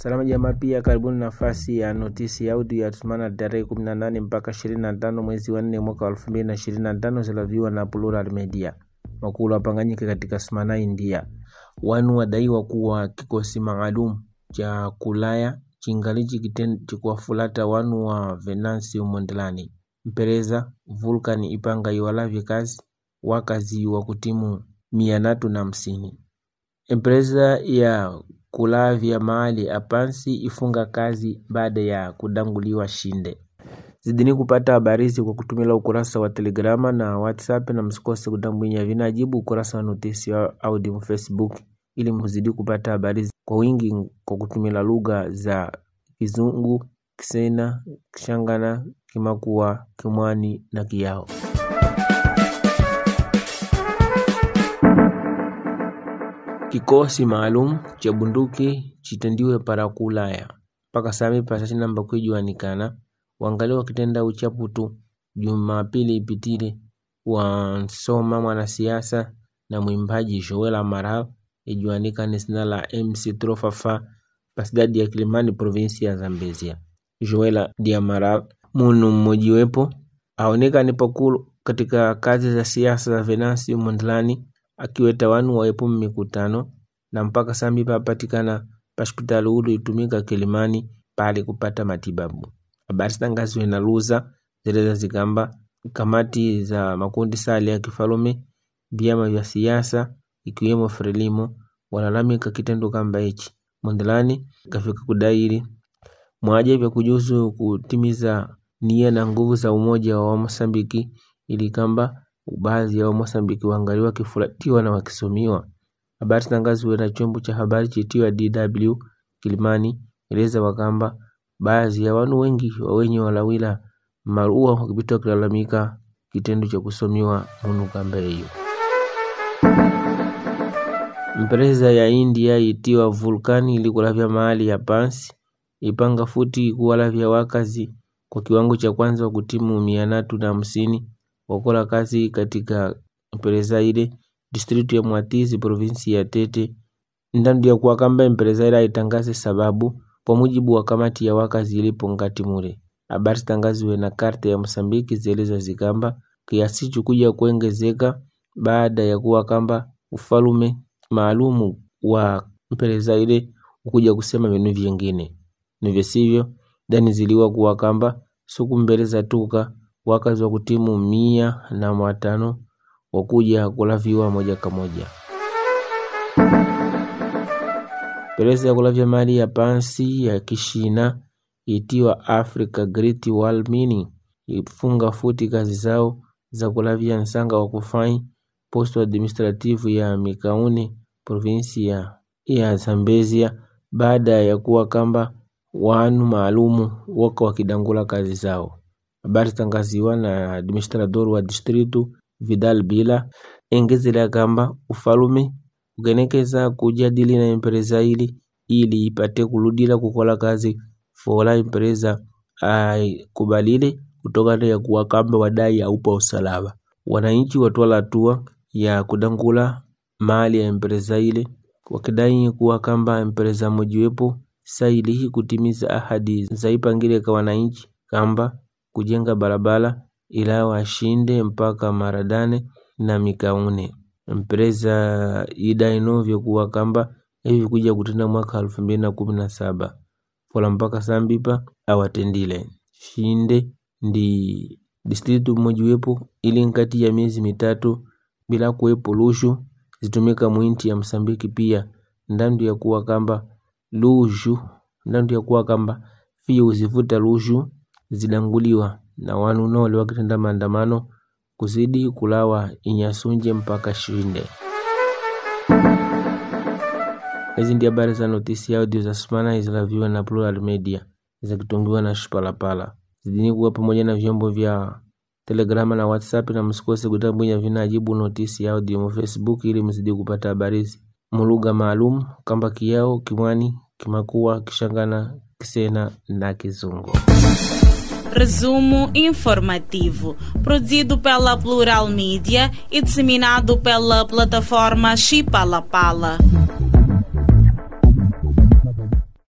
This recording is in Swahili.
Salama Jamaa pia karibuni nafasi ya notisi ya audio ya Tumana tarehe 18 mpaka 25 mwezi wa 4 mwaka 2025 zilaviwa na Plural Media. Makulu apanganyike katika Sumana, India. Wanu wadaiwa kuwa kikosi maalum cha kulaya chingali chikuwafulata wanu wa Venansi umwendelani mpereza Vulcan ipanga iwalavye kazi wakazi wa kutimu mia natu na empresa ya kulavya mahali apansi ifunga kazi baada ya kudanguliwa shinde. Zidini kupata habari kwa kutumila ukurasa wa Telegrama na WhatsApp na msikose kudambwinya vinajibu ukurasa wa notisi au dimu Facebook ili mzidi kupata habari kwa wingi kwa kutumila lugha za Kizungu, Kisena, Kishangana, Kimakua, Kimwani na Kiyao. Kikosi maalum cha bunduki chitendiwe para kulaya mpaka sami pasasi namba kwijuwanikana wangali wakitenda uchapu tu. Jumapili ipitile wansoma mwanasiasa na mwimbaji Joel Amaral ijuwanika ni sina la MC Trofafa pasidadi ya Kilimani provinsi ya Zambezia. Joel di munu mmojiwepo aonekane pakulu katika kazi za siasa za Venansi Mondlani akiwetawannu weepumu mikutano na mpaka sambi paapatikana paspitali uli itumika kilimani paali kupata matibabu habari zitangaziwe na luza zileza zikamba kamati za makundi sali ya kifalume vyama vya siasa ikiwemo Frelimo walalamika kitendo kamba hichi Mondlani kafika kudairi mwaje vya kujuzu kutimiza nia na nguvu za umoja wa Mosambiki ili kamba Baadhi yao Mozambiki waangaliwa wakifuatiwa na wakisomiwa. Habari tangaziwe na chombo cha habari chitiwa DW Kilimani eleza wakamba baadhi ya wanu wengi wawenye walawila maruwa wakipita wakilalamika kitendo cha kusomiwa munu hiyo. Mpereza ya India itiwa vulkani ili kulavya mahali ya pansi ipanga futi kuwalavya wakazi kwa kiwango cha kwanza wa kutimu mia natu na hamsini wakola kazi katika mperezaire distritu ya Mwatizi provinsi ya Tete kamba kuwakamba mperezaire aitangase sababu kwa mujibu wa kamati ya wakazi ilipo ngati mure habari zitangaziwe na karte ya Msambiki zieleza zikamba kiasi chukuja kuongezeka baada ya kuwa kamba ufalume maalumu wa ile ukuja kusema vinu vyengine nivyosivyo ziliwa kuwa kamba sukumbereza tuka Wakazi wa kutimu mia na matano wakuja kulaviwa moja kwa moja. Pelesi ya kulavya mali ya pansi ya kishina itiwa Africa Great Wall Mining ifunga futi kazi zao za kulavya nsanga wa kufai posto administrative ya Mikauni provinsi ya, ya Zambezia baada ya kuwa kamba wanu maalumu woka wakidangula kazi zao baaritangaziwa na administrador wa distrito Vidal Bila engezela kamba ufalume ukenekeza kujadili na empresa ili ili ipate kuludila kukola kazi fola empresa aikubalile kutokana ya kuwa kamba wadai aupa usalama. Wananchi watwala hatua ya kudangula mali ya empresa ile wakidai kuwa kamba empresa mojiwepo sailihi kutimiza ahadi zaipangile kwa wananchi kamba kujenga barabara washinde mpaka Maradane na Mikaune Mpresa idaino kuwa kamba hivi kuja kutenda mwaka elfu mbili na kumi na saba fola mpaka sambipa awatendile shinde ndi distritu mmojiwepo ili nkati ya miezi mitatu bila kuwepo lushu zitumika mwinti ya Msambiki pia ndandu ya kuwa kamba lushu ndandu ya kuwa kamba fiyo uzivuta lushu zilianguliwa na wanu wanunole wakitenda maandamano kuzidi kulawa inyasunje mpaka shinde hizi ndi habari za notisi ya audio za Sumana iziraviwa na Plural Media zikitungiwa na Shipalapala. Zidini kuwa pamoja na vyombo vya Telegrama na WhatsApp, na msikose kutabwinya vinajibu notisi ya audio mu Facebook ili mzidi kupata habari mulugha maalum kamba Kiyao, Kimwani, Kimakua, Kishangana, Kisena na Kizungu. Resumo informativo, produzido pela Plural Mídia e disseminado pela plataforma Chipalapala.